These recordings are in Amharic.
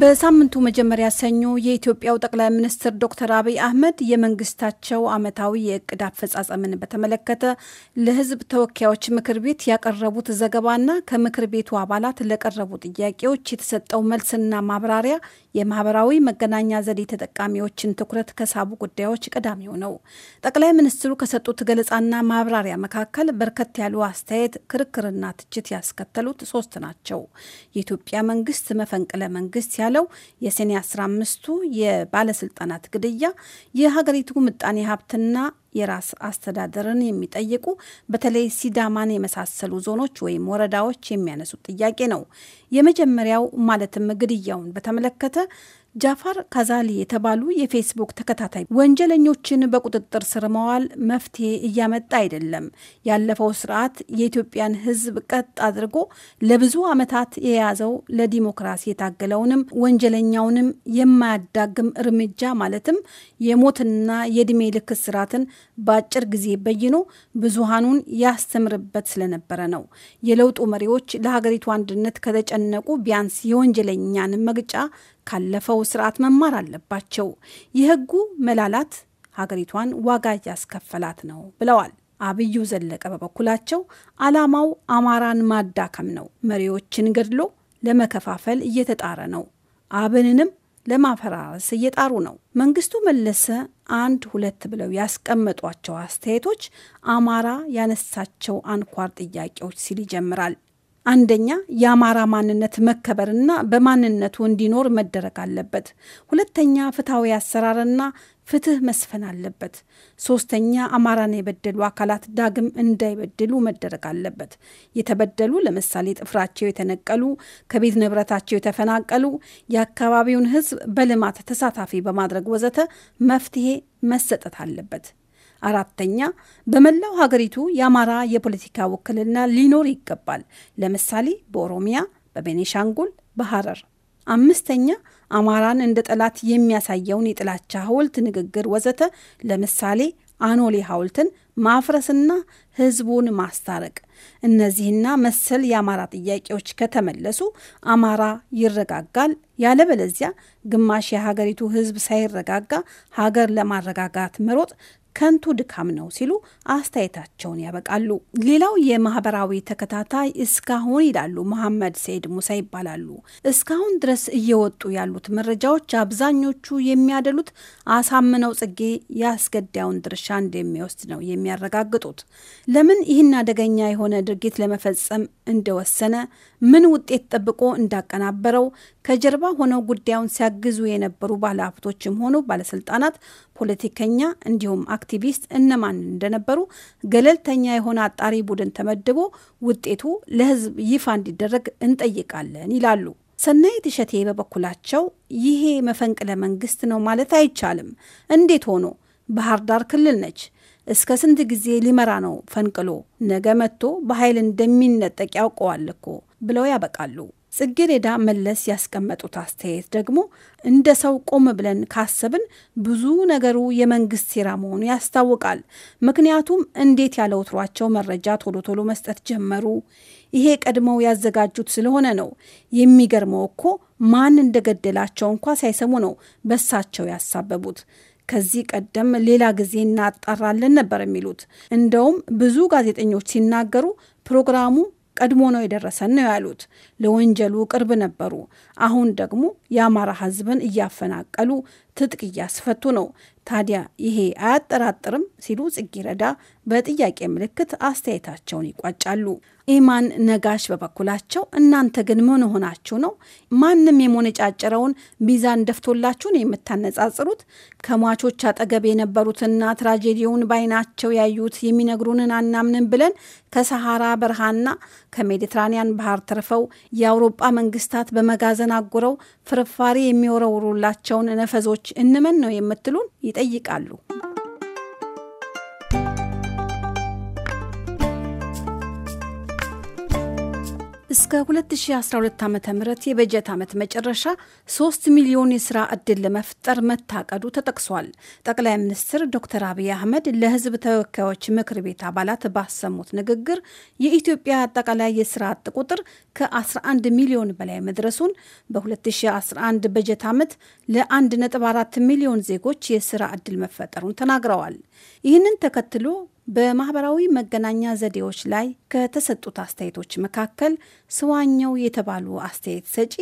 በሳምንቱ መጀመሪያ ሰኞ የኢትዮጵያው ጠቅላይ ሚኒስትር ዶክተር አብይ አህመድ የመንግስታቸው ዓመታዊ የእቅድ አፈጻጸምን በተመለከተ ለሕዝብ ተወካዮች ምክር ቤት ያቀረቡት ዘገባና ከምክር ቤቱ አባላት ለቀረቡ ጥያቄዎች የተሰጠው መልስና ማብራሪያ የማህበራዊ መገናኛ ዘዴ ተጠቃሚዎችን ትኩረት ከሳቡ ጉዳዮች ቀዳሚው ነው። ጠቅላይ ሚኒስትሩ ከሰጡት ገለጻና ማብራሪያ መካከል በርከት ያሉ አስተያየት፣ ክርክርና ትችት ያስከተሉት ሶስት ናቸው። የኢትዮጵያ መንግስት መፈንቅለ መንግስት ያለው የሴኔ 15ቱ የባለስልጣናት ግድያ የሀገሪቱ ምጣኔ ሀብትና የራስ አስተዳደርን የሚጠይቁ በተለይ ሲዳማን የመሳሰሉ ዞኖች ወይም ወረዳዎች የሚያነሱት ጥያቄ ነው። የመጀመሪያው ማለትም ግድያውን በተመለከተ ጃፋር ካዛሊ የተባሉ የፌስቡክ ተከታታይ ወንጀለኞችን በቁጥጥር ስር መዋል መፍትሄ እያመጣ አይደለም። ያለፈው ስርዓት የኢትዮጵያን ሕዝብ ቀጥ አድርጎ ለብዙ ዓመታት የያዘው ለዲሞክራሲ የታገለውንም ወንጀለኛውንም የማያዳግም እርምጃ ማለትም የሞትና የእድሜ ልክ ስርዓትን በአጭር ጊዜ በይኖ ብዙሃኑን ያስተምርበት ስለነበረ ነው። የለውጡ መሪዎች ለሀገሪቱ አንድነት ከተጨነቁ ቢያንስ የወንጀለኛን መግጫ ካለፈው ስርዓት መማር አለባቸው። የህጉ መላላት ሀገሪቷን ዋጋ እያስከፈላት ነው ብለዋል። አብዩ ዘለቀ በበኩላቸው አላማው አማራን ማዳከም ነው፣ መሪዎችን ገድሎ ለመከፋፈል እየተጣረ ነው፣ አብንንም ለማፈራረስ እየጣሩ ነው። መንግስቱ መለሰ አንድ ሁለት ብለው ያስቀመጧቸው አስተያየቶች አማራ ያነሳቸው አንኳር ጥያቄዎች ሲል ይጀምራል። አንደኛ የአማራ ማንነት መከበርና በማንነቱ እንዲኖር መደረግ አለበት። ሁለተኛ ፍትሐዊ አሰራርና ፍትህ መስፈን አለበት። ሶስተኛ አማራን የበደሉ አካላት ዳግም እንዳይበድሉ መደረግ አለበት። የተበደሉ ለምሳሌ ጥፍራቸው የተነቀሉ፣ ከቤት ንብረታቸው የተፈናቀሉ፣ የአካባቢውን ህዝብ በልማት ተሳታፊ በማድረግ ወዘተ መፍትሄ መሰጠት አለበት። አራተኛ በመላው ሀገሪቱ የአማራ የፖለቲካ ውክልና ሊኖር ይገባል። ለምሳሌ በኦሮሚያ፣ በቤኔሻንጉል፣ በሐረር። አምስተኛ አማራን እንደ ጠላት የሚያሳየውን የጥላቻ ሐውልት ንግግር፣ ወዘተ ለምሳሌ አኖሌ ሐውልትን ማፍረስና ህዝቡን ማስታረቅ። እነዚህና መሰል የአማራ ጥያቄዎች ከተመለሱ አማራ ይረጋጋል። ያለበለዚያ ግማሽ የሀገሪቱ ህዝብ ሳይረጋጋ ሀገር ለማረጋጋት መሮጥ ከንቱ ድካም ነው ሲሉ አስተያየታቸውን ያበቃሉ። ሌላው የማህበራዊ ተከታታይ እስካሁን ይላሉ መሐመድ ሰይድ ሙሳ ይባላሉ። እስካሁን ድረስ እየወጡ ያሉት መረጃዎች አብዛኞቹ የሚያደሉት አሳምነው ጽጌ የአስገዳዩን ድርሻ እንደሚወስድ ነው የሚያረጋግጡት። ለምን ይህን አደገኛ የሆነ ድርጊት ለመፈጸም እንደወሰነ፣ ምን ውጤት ጠብቆ እንዳቀናበረው ከጀርባ ሆነው ጉዳዩን ሲያግዙ የነበሩ ባለሀብቶችም ሆኑ ባለስልጣናት ፖለቲከኛ እንዲሁም አክቲቪስት እነማን እንደነበሩ ገለልተኛ የሆነ አጣሪ ቡድን ተመድቦ ውጤቱ ለሕዝብ ይፋ እንዲደረግ እንጠይቃለን ይላሉ። ሰናይት እሸቴ በበኩላቸው ይሄ መፈንቅለ መንግስት ነው ማለት አይቻልም። እንዴት ሆኖ ባህር ዳር ክልል ነች። እስከ ስንት ጊዜ ሊመራ ነው ፈንቅሎ? ነገ መጥቶ በኃይል እንደሚነጠቅ ያውቀዋል እኮ ብለው ያበቃሉ። ጽጌሬዳ መለስ ያስቀመጡት አስተያየት ደግሞ እንደ ሰው ቆም ብለን ካሰብን ብዙ ነገሩ የመንግስት ሴራ መሆኑ ያስታውቃል። ምክንያቱም እንዴት ያለ ወትሯቸው መረጃ ቶሎ ቶሎ መስጠት ጀመሩ? ይሄ ቀድመው ያዘጋጁት ስለሆነ ነው። የሚገርመው እኮ ማን እንደገደላቸው እንኳ ሳይሰሙ ነው በሳቸው ያሳበቡት። ከዚህ ቀደም ሌላ ጊዜ እናጣራለን ነበር የሚሉት። እንደውም ብዙ ጋዜጠኞች ሲናገሩ ፕሮግራሙ ቀድሞ ነው የደረሰን ነው ያሉት። ለወንጀሉ ቅርብ ነበሩ። አሁን ደግሞ የአማራ ሕዝብን እያፈናቀሉ ትጥቅ እያስፈቱ ነው። ታዲያ ይሄ አያጠራጥርም ሲሉ ጽጌረዳ በጥያቄ ምልክት አስተያየታቸውን ይቋጫሉ። ኢማን ነጋሽ በበኩላቸው እናንተ ግን ምን ሆናችሁ ነው? ማንም የሞነጫጭረውን ሚዛን ደፍቶላችሁን የምታነጻጽሩት? ከሟቾች አጠገብ የነበሩትና ትራጀዲውን ባይናቸው ያዩት የሚነግሩንን አናምንም ብለን ከሰሃራ በረሃና ከሜዲትራኒያን ባህር ተርፈው የአውሮጳ መንግስታት በመጋዘን አጉረው ፍርፋሪ የሚወረውሩላቸውን ነፈዞች እንመን ነው የምትሉን ይጠይቃሉ። እስከ 2012 ዓ ም የበጀት ዓመት መጨረሻ 3 ሚሊዮን የሥራ ዕድል ለመፍጠር መታቀዱ ተጠቅሷል። ጠቅላይ ሚኒስትር ዶክተር አብይ አህመድ ለሕዝብ ተወካዮች ምክር ቤት አባላት ባሰሙት ንግግር የኢትዮጵያ አጠቃላይ የስራ አጥ ቁጥር ከ11 ሚሊዮን በላይ መድረሱን፣ በ2011 በጀት ዓመት ለ1.4 ሚሊዮን ዜጎች የሥራ ዕድል መፈጠሩን ተናግረዋል። ይህንን ተከትሎ በማህበራዊ መገናኛ ዘዴዎች ላይ ከተሰጡት አስተያየቶች መካከል ስዋኘው የተባሉ አስተያየት ሰጪ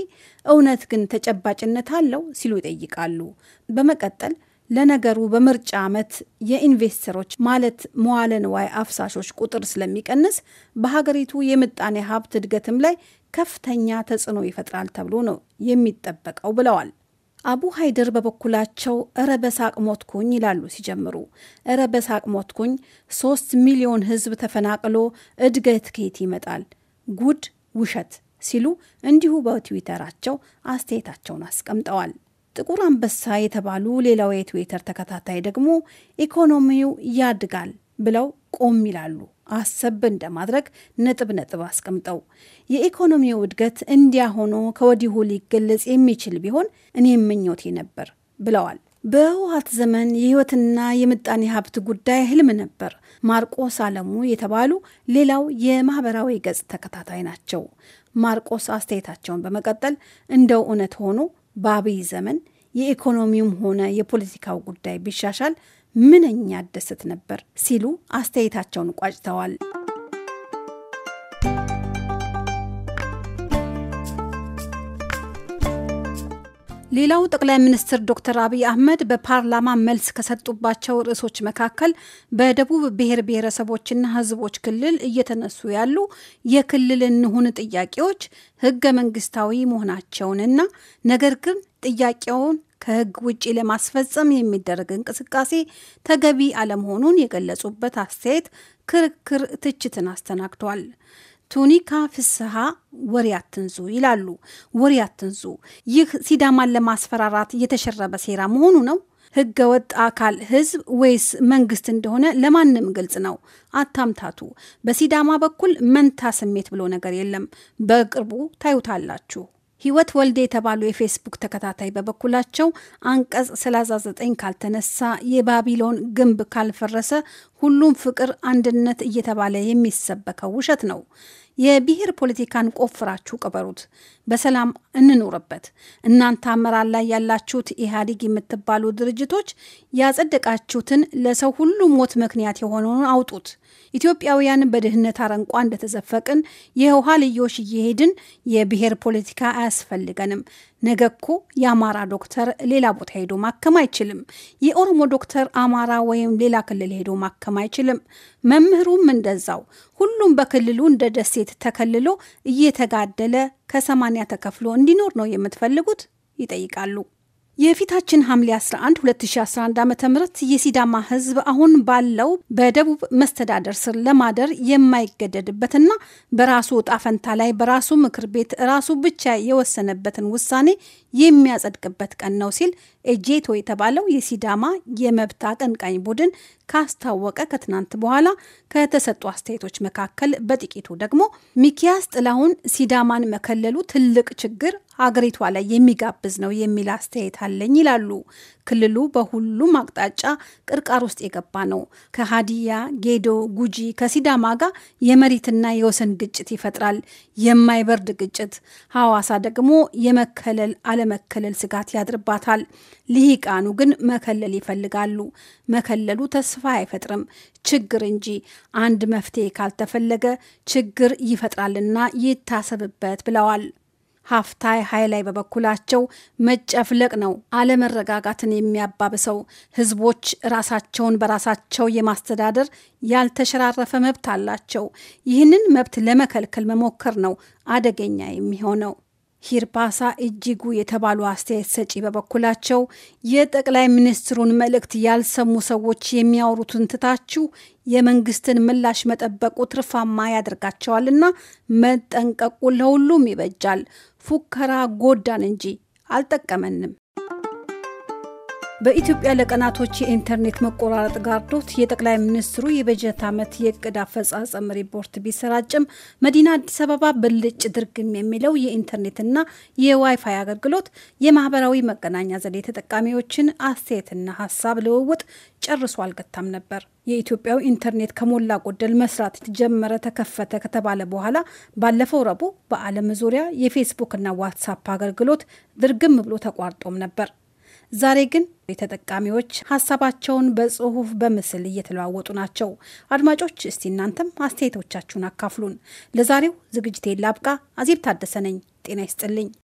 እውነት ግን ተጨባጭነት አለው ሲሉ ይጠይቃሉ። በመቀጠል ለነገሩ በምርጫ ዓመት የኢንቨስተሮች ማለት መዋለ ንዋይ አፍሳሾች ቁጥር ስለሚቀንስ በሀገሪቱ የምጣኔ ሀብት እድገትም ላይ ከፍተኛ ተጽዕኖ ይፈጥራል ተብሎ ነው የሚጠበቀው ብለዋል። አቡ ሀይድር በበኩላቸው እረ በሳቅ ሞትኩኝ ይላሉ ሲጀምሩ። እረ በሳቅ ሞትኩኝ፣ ሶስት ሚሊዮን ህዝብ ተፈናቅሎ እድገት ከየት ይመጣል? ጉድ ውሸት ሲሉ እንዲሁ በትዊተራቸው አስተያየታቸውን አስቀምጠዋል። ጥቁር አንበሳ የተባሉ ሌላው የትዊተር ተከታታይ ደግሞ ኢኮኖሚው ያድጋል ብለው ቆም ይላሉ። አሰብ እንደማድረግ ነጥብ ነጥብ አስቀምጠው የኢኮኖሚው እድገት እንዲያ ሆኖ ከወዲሁ ሊገለጽ የሚችል ቢሆን እኔ ምኞቴ ነበር ብለዋል። በህወሀት ዘመን የህይወትና የምጣኔ ሀብት ጉዳይ ህልም ነበር። ማርቆስ አለሙ የተባሉ ሌላው የማህበራዊ ገጽ ተከታታይ ናቸው። ማርቆስ አስተያየታቸውን በመቀጠል እንደው እውነት ሆኖ በአብይ ዘመን የኢኮኖሚውም ሆነ የፖለቲካው ጉዳይ ቢሻሻል ምንኛ ደስት ነበር ሲሉ አስተያየታቸውን ቋጭተዋል። ሌላው ጠቅላይ ሚኒስትር ዶክተር አብይ አህመድ በፓርላማ መልስ ከሰጡባቸው ርዕሶች መካከል በደቡብ ብሔር ብሔረሰቦችና ሕዝቦች ክልል እየተነሱ ያሉ የክልል እንሁን ጥያቄዎች ህገ መንግስታዊ መሆናቸውንና ነገር ግን ጥያቄውን ከህግ ውጪ ለማስፈጸም የሚደረግ እንቅስቃሴ ተገቢ አለመሆኑን የገለጹበት አስተያየት ክርክር ትችትን አስተናግዷል። ቱኒካ ፍስሀ ወሬ አትንዙ ይላሉ። ወሬ አትንዙ። ይህ ሲዳማን ለማስፈራራት የተሸረበ ሴራ መሆኑ ነው። ህገ ወጥ አካል ህዝብ ወይስ መንግስት እንደሆነ ለማንም ግልጽ ነው። አታምታቱ። በሲዳማ በኩል መንታ ስሜት ብሎ ነገር የለም። በቅርቡ ታዩታላችሁ። ህይወት ወልዴ የተባሉ የፌስቡክ ተከታታይ በበኩላቸው አንቀጽ 39 ካልተነሳ የባቢሎን ግንብ ካልፈረሰ ሁሉም ፍቅር፣ አንድነት እየተባለ የሚሰበከው ውሸት ነው። የብሔር ፖለቲካን ቆፍራችሁ ቅበሩት፣ በሰላም እንኑርበት። እናንተ አመራር ላይ ያላችሁት ኢህአዴግ የምትባሉ ድርጅቶች ያጸደቃችሁትን ለሰው ሁሉ ሞት ምክንያት የሆነውን አውጡት። ኢትዮጵያውያን በድህነት አረንቋ እንደተዘፈቅን የውሃ ልዮሽ እየሄድን የብሔር ፖለቲካ አያስፈልገንም። ነገ እኮ የአማራ ዶክተር ሌላ ቦታ ሄዶ ማከም አይችልም። የኦሮሞ ዶክተር አማራ ወይም ሌላ ክልል ሄዶ ማከም አይችልም። መምህሩም እንደዛው። ሁሉም በክልሉ እንደ ደሴት ተከልሎ እየተጋደለ ከሰማንያ ተከፍሎ እንዲኖር ነው የምትፈልጉት? ይጠይቃሉ። የፊታችን ሐምሌ 11 2011 ዓ ም የሲዳማ ህዝብ አሁን ባለው በደቡብ መስተዳደር ስር ለማደር የማይገደድበትና በራሱ ጣፈንታ ፈንታ ላይ በራሱ ምክር ቤት ራሱ ብቻ የወሰነበትን ውሳኔ የሚያጸድቅበት ቀን ነው ሲል ኤጄቶ የተባለው የሲዳማ የመብት አቀንቃኝ ቡድን ካስታወቀ ከትናንት በኋላ ከተሰጡ አስተያየቶች መካከል በጥቂቱ ደግሞ ሚኪያስ ጥላሁን ሲዳማን መከለሉ ትልቅ ችግር አገሪቷ ላይ የሚጋብዝ ነው የሚል አስተያየት አለኝ ይላሉ። ክልሉ በሁሉም አቅጣጫ ቅርቃር ውስጥ የገባ ነው። ከሀዲያ፣ ጌዶ፣ ጉጂ ከሲዳማ ጋር የመሬትና የወሰን ግጭት ይፈጥራል። የማይበርድ ግጭት። ሐዋሳ ደግሞ የመከለል አለመከለል ስጋት ያድርባታል። ልሂቃኑ ግን መከለል ይፈልጋሉ። መከለሉ ተስፋ አይፈጥርም ችግር እንጂ አንድ መፍትሄ ካልተፈለገ ችግር ይፈጥራልና ይታሰብበት ብለዋል። ሀፍታይ ሀይላይ በበኩላቸው መጨፍለቅ ነው አለመረጋጋትን የሚያባብሰው። ህዝቦች ራሳቸውን በራሳቸው የማስተዳደር ያልተሸራረፈ መብት አላቸው። ይህንን መብት ለመከልከል መሞከር ነው አደገኛ የሚሆነው። ሂርፓሳ እጅጉ የተባሉ አስተያየት ሰጪ በበኩላቸው የጠቅላይ ሚኒስትሩን መልእክት ያልሰሙ ሰዎች የሚያወሩትን ትታችሁ የመንግስትን ምላሽ መጠበቁ ትርፋማ ያደርጋቸዋልና መጠንቀቁ ለሁሉም ይበጃል። ፉከራ ጎዳን እንጂ አልጠቀመንም። በኢትዮጵያ ለቀናቶች የኢንተርኔት መቆራረጥ ጋርዶት የጠቅላይ ሚኒስትሩ የበጀት ዓመት የእቅድ አፈጻጸም ሪፖርት ቢሰራጭም መዲና አዲስ አበባ ብልጭ ድርግም የሚለው የኢንተርኔትና የዋይፋይ አገልግሎት የማህበራዊ መገናኛ ዘዴ ተጠቃሚዎችን አስተያየትና ሀሳብ ልውውጥ ጨርሶ አልገታም ነበር። የኢትዮጵያው ኢንተርኔት ከሞላ ጎደል መስራት ጀመረ፣ ተከፈተ ከተባለ በኋላ ባለፈው ረቡዕ በዓለም ዙሪያ የፌስቡክና ዋትሳፕ አገልግሎት ድርግም ብሎ ተቋርጦም ነበር። ዛሬ ግን የተጠቃሚዎች ሀሳባቸውን በጽሁፍ በምስል እየተለዋወጡ ናቸው። አድማጮች እስቲ እናንተም አስተያየቶቻችሁን አካፍሉን። ለዛሬው ዝግጅቴ ላብቃ። አዜብ ታደሰ ነኝ። ጤና ይስጥልኝ።